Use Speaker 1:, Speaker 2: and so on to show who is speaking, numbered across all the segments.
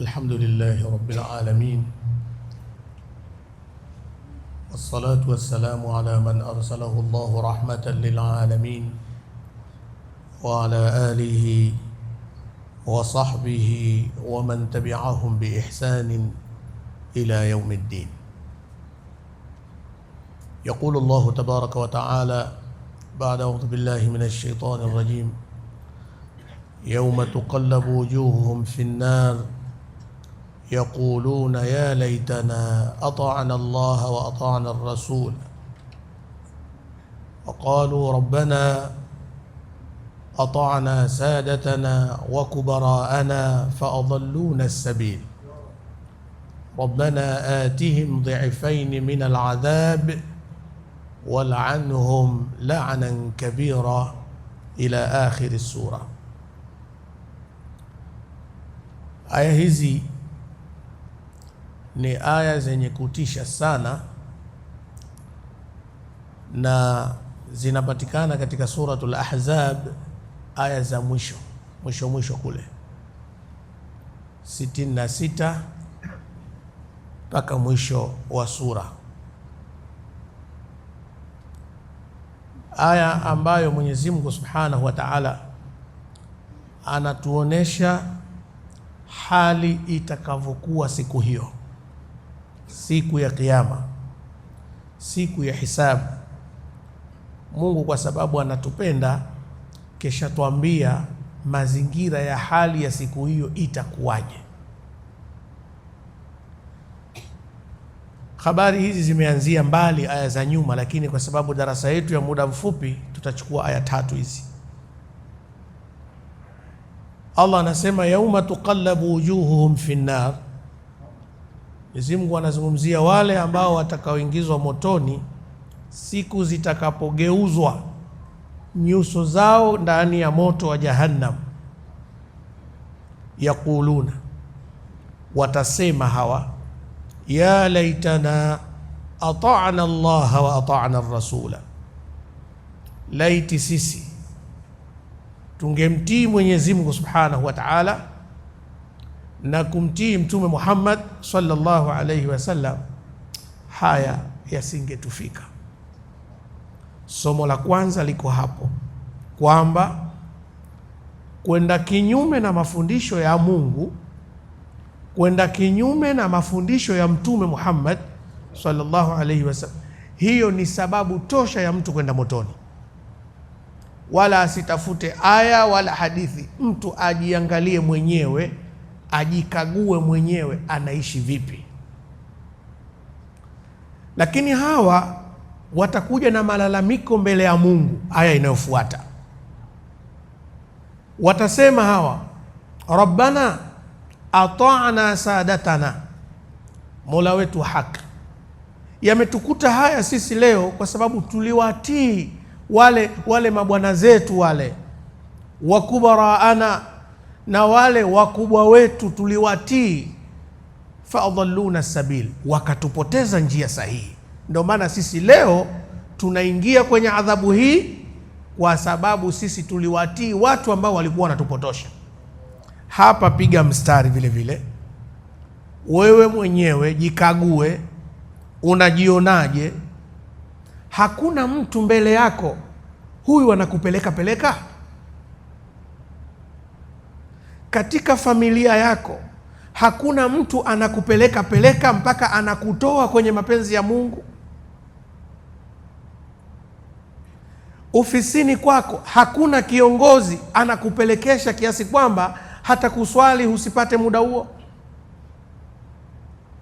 Speaker 1: الحمد لله رب العالمين والصلاة والسلام على من أرسله الله رحمة للعالمين وعلى آله وصحبه ومن تبعهم بإحسان إلى يوم الدين يقول الله تبارك وتعالى بعد أعوذ بالله من الشيطان الرجيم يوم تقلب وجوههم في النار يقولون يا ليتنا أطعنا الله وأطعنا الرسول وقالوا ربنا أطعنا سادتنا وكبراءنا فأضلونا السبيل ربنا آتهم ضعفين من العذاب والعنهم لعنا كبيرا إلى آخر السورة ايه هذه ni aya zenye kutisha sana na zinapatikana katika Suratul Ahzab, aya za mwisho mwisho mwisho kule 66 mpaka mwisho wa sura, aya ambayo Mwenyezi Mungu Subhanahu wa Ta'ala anatuonesha hali itakavyokuwa siku hiyo siku ya Kiyama, siku ya hisabu. Mungu kwa sababu anatupenda kesha tuambia mazingira ya hali ya siku hiyo itakuwaje. Habari hizi zimeanzia mbali, aya za nyuma, lakini kwa sababu darasa yetu ya muda mfupi, tutachukua aya tatu hizi. Allah anasema yauma tuqallabu wujuhuhum fi nnar Mwenyezi Mungu anazungumzia wale ambao watakaoingizwa motoni siku zitakapogeuzwa nyuso zao ndani ya moto wa Jahannam. Yaquluna, watasema hawa, ya laitana ata'na Allah wa ata'na rasula, laiti sisi tungemtii Mwenyezi Mungu subhanahu wa ta'ala na kumtii Mtume Muhammad sallallahu alaihi wasallam, haya yasingetufika. Somo la kwanza liko hapo kwamba kwenda kinyume na mafundisho ya Mungu, kwenda kinyume na mafundisho ya Mtume Muhammad sallallahu alaihi wasallam, hiyo ni sababu tosha ya mtu kwenda motoni. Wala asitafute aya wala hadithi, mtu ajiangalie mwenyewe ajikague mwenyewe anaishi vipi. Lakini hawa watakuja na malalamiko mbele ya Mungu. Aya inayofuata watasema hawa, rabbana ata'na sadatana, mola wetu haki, yametukuta haya sisi leo kwa sababu tuliwatii wale wale mabwana zetu wale wakubaraana na wale wakubwa wetu tuliwatii, faadhaluna sabil, wakatupoteza njia sahihi. Ndio maana sisi leo tunaingia kwenye adhabu hii, kwa sababu sisi tuliwatii watu ambao walikuwa wanatupotosha. Hapa piga mstari vile vile, wewe mwenyewe jikague, unajionaje? Hakuna mtu mbele yako huyu anakupeleka peleka katika familia yako hakuna mtu anakupeleka peleka mpaka anakutoa kwenye mapenzi ya Mungu. Ofisini kwako hakuna kiongozi anakupelekesha kiasi kwamba hata kuswali husipate muda huo.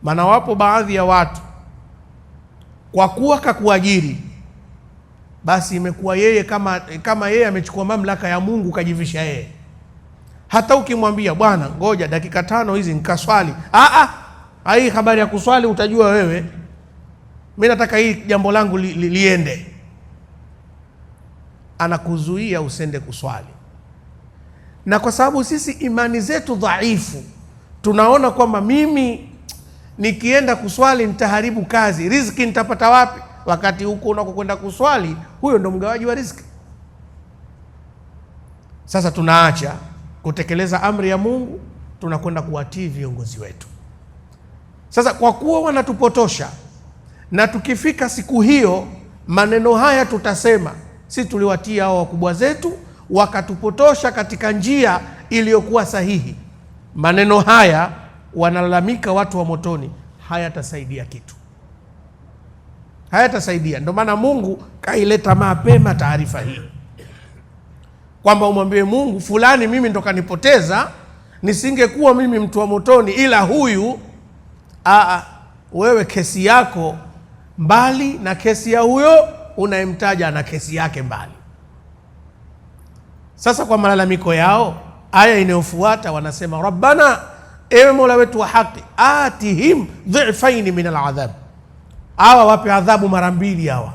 Speaker 1: Maana wapo baadhi ya watu kwa kuwa kakuajiri, basi imekuwa yeye kama, kama yeye amechukua mamlaka ya Mungu kajivisha yeye hata ukimwambia bwana, ngoja dakika tano hizi nkaswali ah, ah ah, hii habari ya kuswali utajua wewe, mimi nataka hii jambo langu li, li, liende. Anakuzuia usende kuswali, na kwa sababu sisi imani zetu dhaifu, tunaona kwamba mimi nikienda kuswali nitaharibu kazi, riziki nitapata wapi? Wakati huko unakokwenda kuswali, huyo ndo mgawaji wa riziki. Sasa tunaacha kutekeleza amri ya Mungu, tunakwenda kuwatii viongozi wetu. Sasa kwa kuwa wanatupotosha, na tukifika siku hiyo maneno haya tutasema, si tuliwatii hao wakubwa zetu wakatupotosha katika njia iliyokuwa sahihi. Maneno haya wanalalamika watu wa motoni, hayatasaidia kitu, hayatasaidia. Ndio maana Mungu kaileta mapema taarifa hii kwamba umwambie Mungu fulani, mimi ndo kanipoteza, nisingekuwa mimi mtu wa motoni, ila huyu aa. Wewe kesi yako mbali na kesi ya huyo unayemtaja na kesi yake mbali. Sasa kwa malalamiko yao, aya inayofuata wanasema, rabbana, ewe mola wetu wa haki, atihim dhifaini min aladhab, awa wape adhabu mara mbili hawa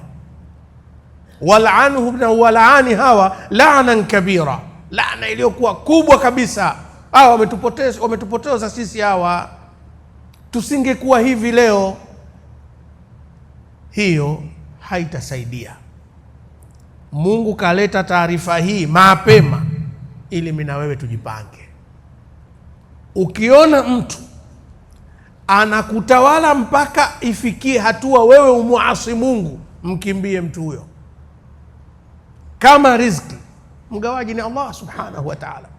Speaker 1: na walaani hawa laanan kabira, laana iliyokuwa kubwa kabisa. Hawa wametupoteza, wametupoteza sisi hawa, tusingekuwa hivi leo. Hiyo haitasaidia. Mungu kaleta taarifa hii mapema ili mimi na wewe tujipange. Ukiona mtu anakutawala mpaka ifikie hatua wewe umuasi Mungu, mkimbie mtu huyo kama rizki mgawaji ni Allah subhanahu wa ta'ala.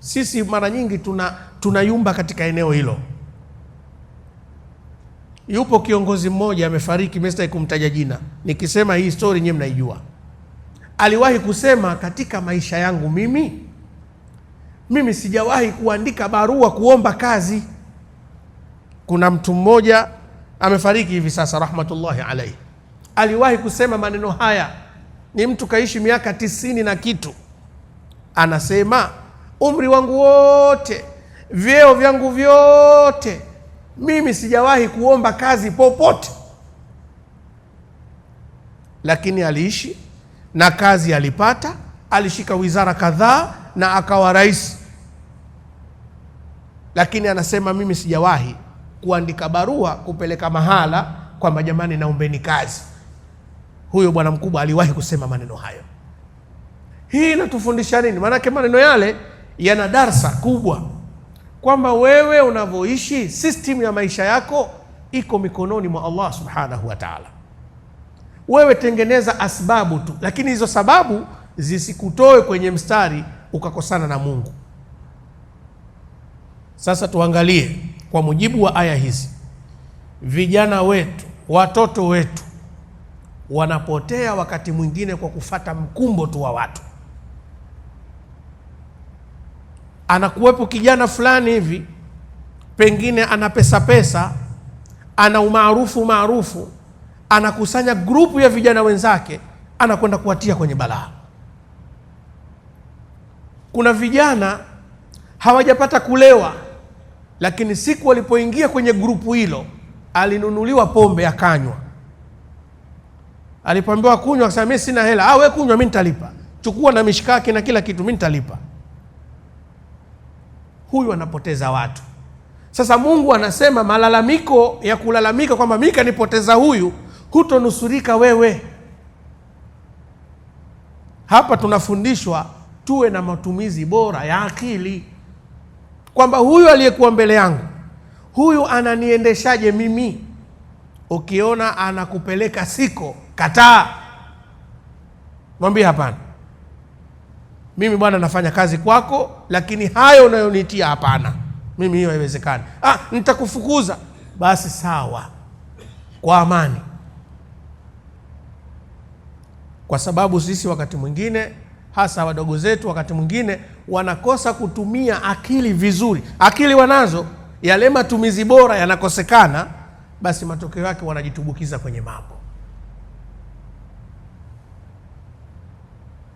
Speaker 1: Sisi mara nyingi tuna tunayumba katika eneo hilo. Yupo kiongozi mmoja amefariki, mimi sitaki kumtaja jina, nikisema hii story nyewe mnaijua. Aliwahi kusema katika maisha yangu mimi mimi sijawahi kuandika barua kuomba kazi. Kuna mtu mmoja amefariki hivi sasa, rahmatullahi alaihi, aliwahi kusema maneno haya ni mtu kaishi miaka tisini na kitu, anasema umri wangu wote, vyeo vyangu vyote, mimi sijawahi kuomba kazi popote, lakini aliishi na kazi alipata, alishika wizara kadhaa na akawa rais, lakini anasema mimi sijawahi kuandika barua kupeleka mahala kwamba jamani, naombeni kazi huyo bwana mkubwa aliwahi kusema maneno hayo. Hii inatufundisha nini? Maanake maneno yale yana darsa kubwa, kwamba wewe unavyoishi, system ya maisha yako iko mikononi mwa Allah subhanahu wa taala. Wewe tengeneza asbabu tu, lakini hizo sababu zisikutoe kwenye mstari ukakosana na Mungu. Sasa tuangalie kwa mujibu wa aya hizi, vijana wetu, watoto wetu wanapotea wakati mwingine kwa kufata mkumbo tu wa watu. Anakuwepo kijana fulani hivi, pengine ana pesa pesa, ana umaarufu maarufu, anakusanya grupu ya vijana wenzake, anakwenda kuwatia kwenye balaa. Kuna vijana hawajapata kulewa, lakini siku walipoingia kwenye grupu hilo, alinunuliwa pombe akanywa Alipoambiwa kunywa, akasema mimi sina hela. Ah, wewe kunywa, mimi nitalipa. Chukua na mishikaki na kila kitu, mimi nitalipa. Huyu anapoteza watu. Sasa Mungu anasema malalamiko ya kulalamika kwamba mimi kanipoteza huyu, hutonusurika wewe. Hapa tunafundishwa tuwe na matumizi bora ya akili, kwamba huyu aliyekuwa mbele yangu huyu ananiendeshaje mimi? Ukiona anakupeleka siko kataa, mwambie hapana, mimi bwana nafanya kazi kwako, lakini hayo unayonitia hapana, mimi hiyo haiwezekani. Ah, nitakufukuza basi, sawa, kwa amani, kwa sababu sisi wakati mwingine hasa wadogo zetu wakati mwingine wanakosa kutumia akili vizuri. Akili wanazo, yale matumizi bora yanakosekana, basi matokeo yake wanajitubukiza kwenye mambo.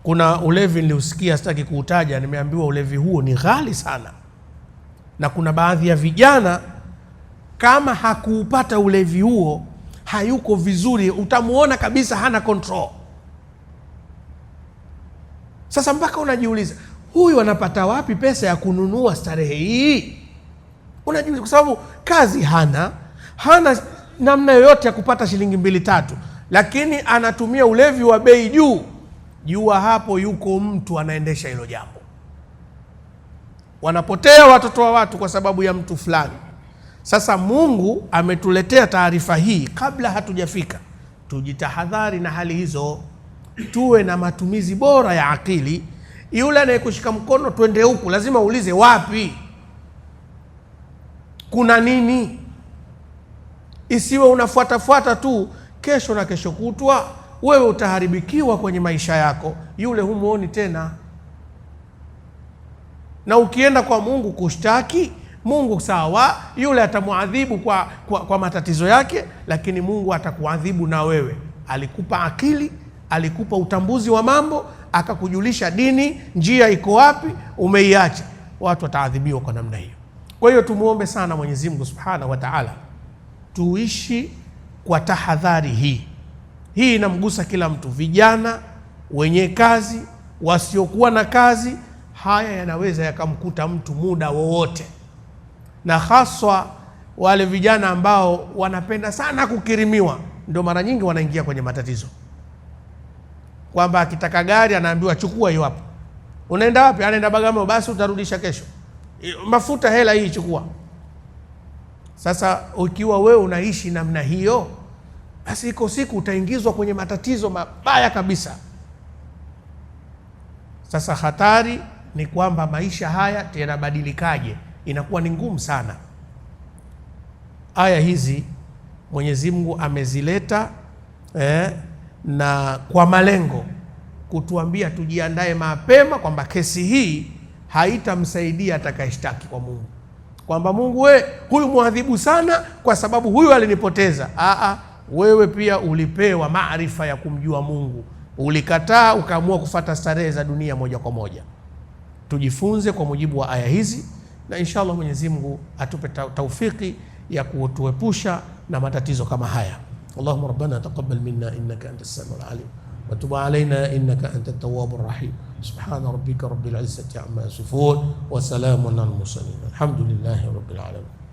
Speaker 1: Kuna ulevi niliusikia, sitaki kuutaja, nimeambiwa ulevi huo ni ghali sana, na kuna baadhi ya vijana kama hakuupata ulevi huo hayuko vizuri, utamwona kabisa hana control. Sasa mpaka unajiuliza huyu anapata wapi pesa ya kununua starehe hii? Unajiuliza kwa sababu kazi hana, hana namna yoyote ya kupata shilingi mbili tatu, lakini anatumia ulevi wa bei juu jua hapo yuko mtu anaendesha hilo jambo. Wanapotea watoto wa watu kwa sababu ya mtu fulani. Sasa Mungu ametuletea taarifa hii kabla hatujafika. Tujitahadhari na hali hizo, tuwe na matumizi bora ya akili. Yule anayekushika mkono twende huku, lazima uulize wapi, kuna nini, isiwe unafuatafuata tu kesho na kesho kutwa wewe utaharibikiwa kwenye maisha yako, yule humuoni tena. Na ukienda kwa Mungu kushtaki Mungu sawa, yule atamwadhibu kwa, kwa, kwa matatizo yake, lakini Mungu atakuadhibu na wewe. Alikupa akili, alikupa utambuzi wa mambo, akakujulisha dini, njia iko wapi, umeiacha. Watu wataadhibiwa kwa namna hiyo. Kwa hiyo tumwombe sana Mwenyezi Mungu Subhanahu wa Ta'ala, tuishi kwa tahadhari hii. Hii inamgusa kila mtu, vijana, wenye kazi, wasiokuwa na kazi. Haya yanaweza yakamkuta mtu muda wowote, na haswa wale vijana ambao wanapenda sana kukirimiwa, ndio mara nyingi wanaingia kwenye matatizo, kwamba akitaka gari anaambiwa chukua hiyo hapo. Unaenda wapi? Anaenda Bagamoyo. Basi utarudisha kesho, mafuta hela hii chukua. Sasa ukiwa wewe unaishi namna hiyo basi iko siku utaingizwa kwenye matatizo mabaya kabisa. Sasa hatari ni kwamba maisha haya yanabadilikaje, inakuwa ni ngumu sana. Aya hizi Mwenyezi Mungu amezileta eh, na kwa malengo kutuambia tujiandae mapema kwamba kesi hii haitamsaidia atakayeshtaki kwa Mungu, kwamba Mungu we, huyu mwadhibu sana kwa sababu huyu alinipoteza. Aa, wewe pia ulipewa maarifa ya kumjua Mungu, ulikataa ukaamua kufata starehe za dunia moja kwa moja. Tujifunze kwa mujibu wa aya hizi, na insha Allah Mwenyezi Mungu atupe taufiki ya kutuepusha na matatizo kama haya. Allahumma rabbana taqabbal minna innaka antas samiul alim wa tub alaina innaka antat tawwabur rahim subhana rabbika rabbil izzati amma yasifun wa salamun alal mursalin alhamdulillahi rabbil alamin.